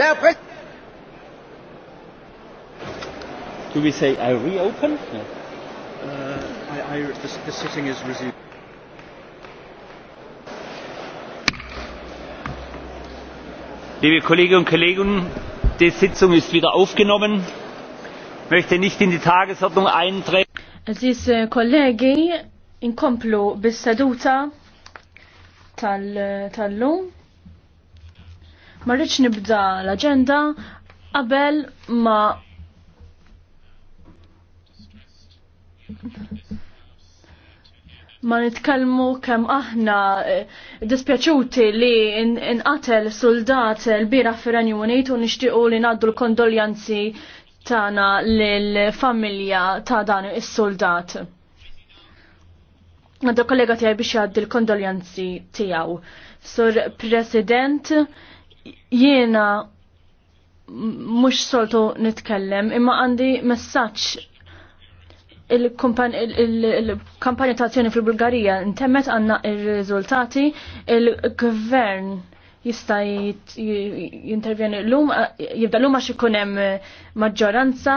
D'après. Do we say I reopen? No. Uh, I, I, the, the sitting is resumed. Liebe Kolleginnen und Kollegen, die Sitzung ist wieder aufgenommen. Ich möchte nicht in die Tagesordnung eintreten. Aziz eh, kollegi, inkomplu bis-seduta eh, tal-lum. Tal Ma rridx nibda l-aġenda qabel ma ma nitkellmu kemm aħna eh, dispjaċuti li inqatel in soldat l-bira fir Unit u nixtiequ li ngħaddu l-kondoljanzi tagħna lill-familja ta' dan is-soldat. Għandu kollega tiegħi biex jgħaddi l-kondoljanzi tiegħu. Sur President, jiena mhux soltu nitkellem imma għandi messaġġ il-kampanja ta' azzjoni fil-Bulgarija intemmet għanna il-riżultati il-gvern jista' jintervjeni l-lum jibda l-lum għax ikun hemm maġġoranza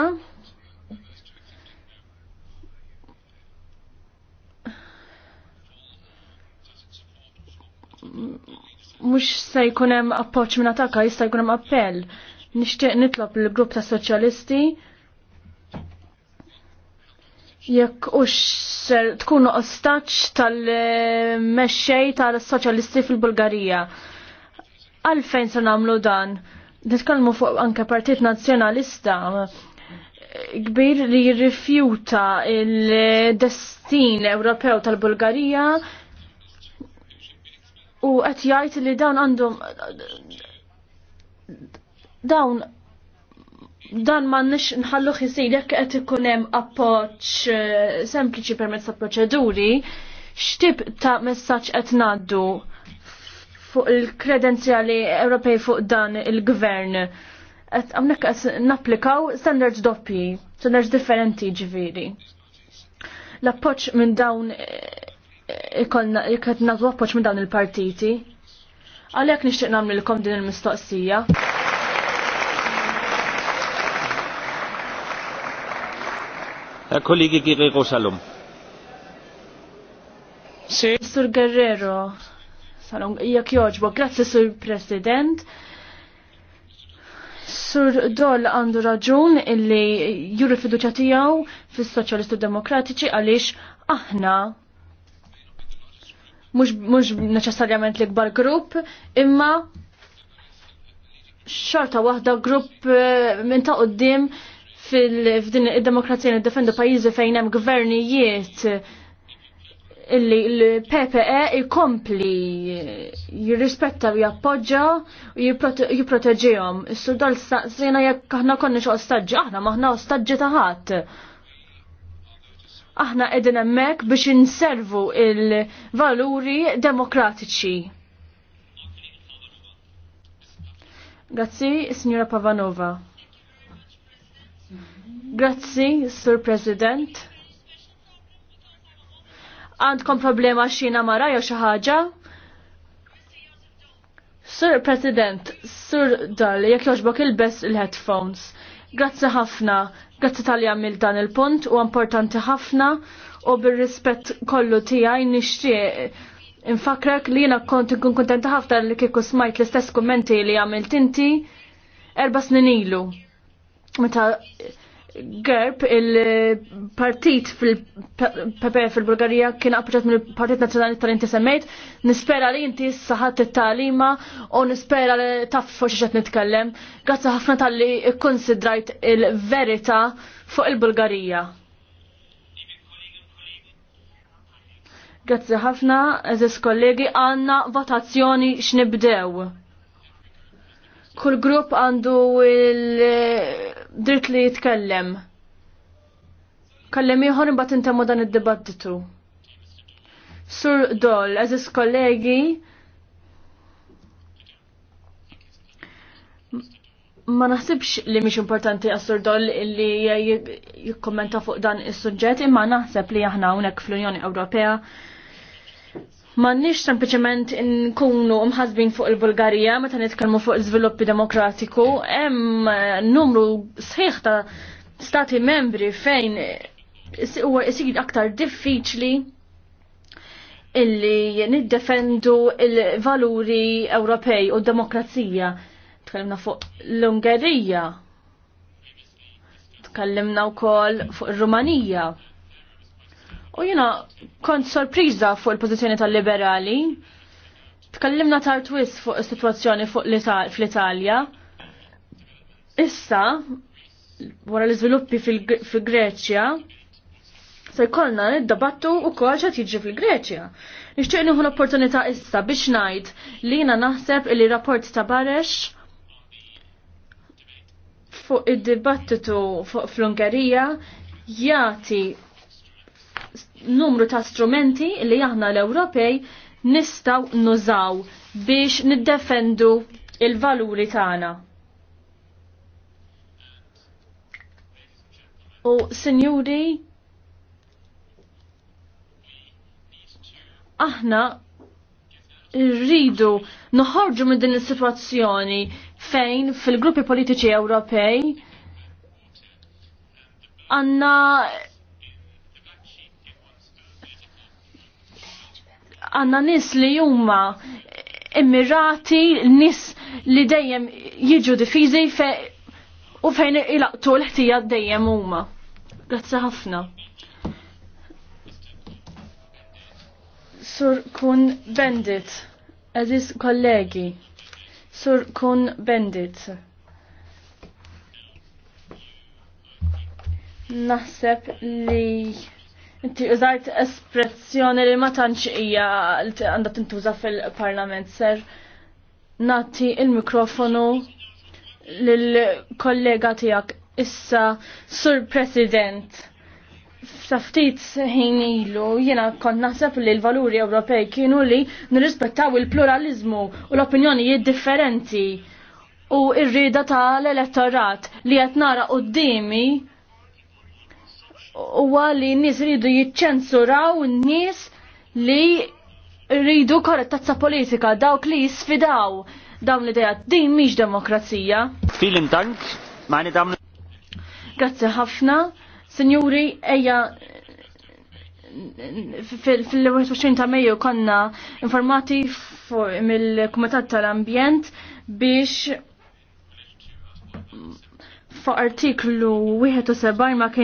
mhux se jkun hemm appoġġ minn attakka jista' jkun hemm appell. Nixtieq nitlob l grupp ta' soċjalisti jekk ux tkunu ostaċ tal-mexxej tal-soċjalisti fil-Bulgarija. Għalfejn se nagħmlu dan? Nitkallmu fuq anke Partit Nazzjonalista kbir li jirrifjuta il-destin Ewropew tal-Bulgarija u qed jgħid li dawn għandhom dawn dan ma nix nħallu xisir jekk qed ikun hemm appoġġ eh, sempliċi permezz ta' proċeduri, x'tip ta' messaġġ qed ngħaddu fuq il-kredenzjali Ewropej fuq dan il-gvern. Għamnek naplikaw standards doppi, standards differenti ġviri. L-appoċ minn dawn eh, ikonna jekk minn dawn il-partiti. Għalhekk nixtieq nagħmlilkom din il-mistoqsija. Kolligi Guerrero Salom. Sur Guerrero Salom, jekk joġbo, grazzi Sur President. Sur Dol għandu raġun illi juru fiduċa tijaw fis soċjalistu demokratiċi għalix aħna mhux neċessarjament l-ikbar grupp, imma xorta waħda grupp eh, minn ta' qoddim fil-din id-demokrazija li defendu pajjiżi fejn hemm gvernijiet illi l-PPE ikompli eh, jirrispetta u jappoġġa u jipproteġihom. Is-sudal saqsina jekk aħna konniex ostaġġi, aħna maħna ostaġġi ta' ħadd aħna edin emmek biex inservu il-valuri demokratiċi. Grazzi, signora Pavanova. Grazzi, Sir President. Għandkom problema xina mara jew xi ħaġa? Sir President, Sir Dali, jekk jogħġbok il-best il-headphones. Grazzi ħafna Grazzi tal għamil dan il-punt u importanti ħafna u bil-rispett kollu tijaj nishtiq infakrek li jena kont nkun kontenta ħafna li kieku smajt l-istess kommenti li għamilt inti erba snin ilu. Meta GERB il-partit fil-PP fil-Bulgarija kien appoġġat mill-Partit Nazzjonali tal-Inti semmejt, nispera li inti saħat it-talima u nispera li taf fuq xi qed nitkellem. Grazzi ħafna tal-li konsidrajt il-verità fuq il-Bulgarija. Grazzi ħafna, eżis kollegi, għanna votazzjoni x'nibdew. Kull grupp għandu il- dritt li jitkellem. Kallem ieħor imbagħad intemmu dan id-dibattitu. Sur Dol, eżis kollegi, ma naħsibx li mhix importanti għas-Sur Dol li jikkommenta fuq dan is-suġġett imma naħseb li aħna hawnhekk fl-Unjoni Ewropea Mannix sempliciment nkunu mħazbin fuq il-Bulgarija meta nitkellmu fuq il-żviluppi demokratiku, hemm eh, numru sħiħ ta' stati membri fejn huwa isir aktar diffiċli illi niddefendu il-valuri Ewropej u d-demokrazija. Tkellimna fuq l-Ungerija. Tkellimna wkoll fuq ir-Rumanija. U jina kont sorpriża fuq il-pożizzjoni tal-liberali. tkallimna tar twist fuq is-sitwazzjoni fuq fl-Italja. Issa, wara l-iżviluppi fil-Greċja, se jkollna id-dabattu u kol xa tiġi fil-Greċja. Nixtieq nieħu l-opportunità issa biex ngħid li jiena naħseb li rapport ta' Barex fuq id-dibattitu fuq fl-Ungerija jagħti numru ta' strumenti li aħna l-Ewropej nistaw nużaw biex niddefendu il-valuri tagħna. U sinjuri, aħna rridu noħorġu minn din is-sitwazzjoni fejn fil-gruppi politiċi Ewropej għandna għanna nis li jumma immirati, nis li dejjem jiġu difizi fe u fejn ilaqtu l-ħtija dejjem huma. Grazzi ħafna. Sur kun bendit, eżis kollegi. Sur kun bendit. Naħseb li Inti użajt espressjoni li ma tantx hija li għandha tintuża fil-Parlament ser nati il-mikrofonu lill-kollega tiegħek issa Sur President. ftit ħin ilu jiena kont naħseb li l-valuri Ewropej kienu li nirrispettaw il-pluralizmu u l-opinjonijiet differenti u r-rieda tal-elettorat li qed nara qudiemi huwa li n-nies ridu jiċċensuraw n-nies li rridu korrettazza politika dawk li jisfidaw dawn l-idea din mhix demokrazija. Filim tank, maħni Damen. Grazzi ħafna. Sinjuri, eja fil-21 ta' Mejju konna informati mill-Kumitat tal-Ambjent biex fa' artiklu 71 ma kien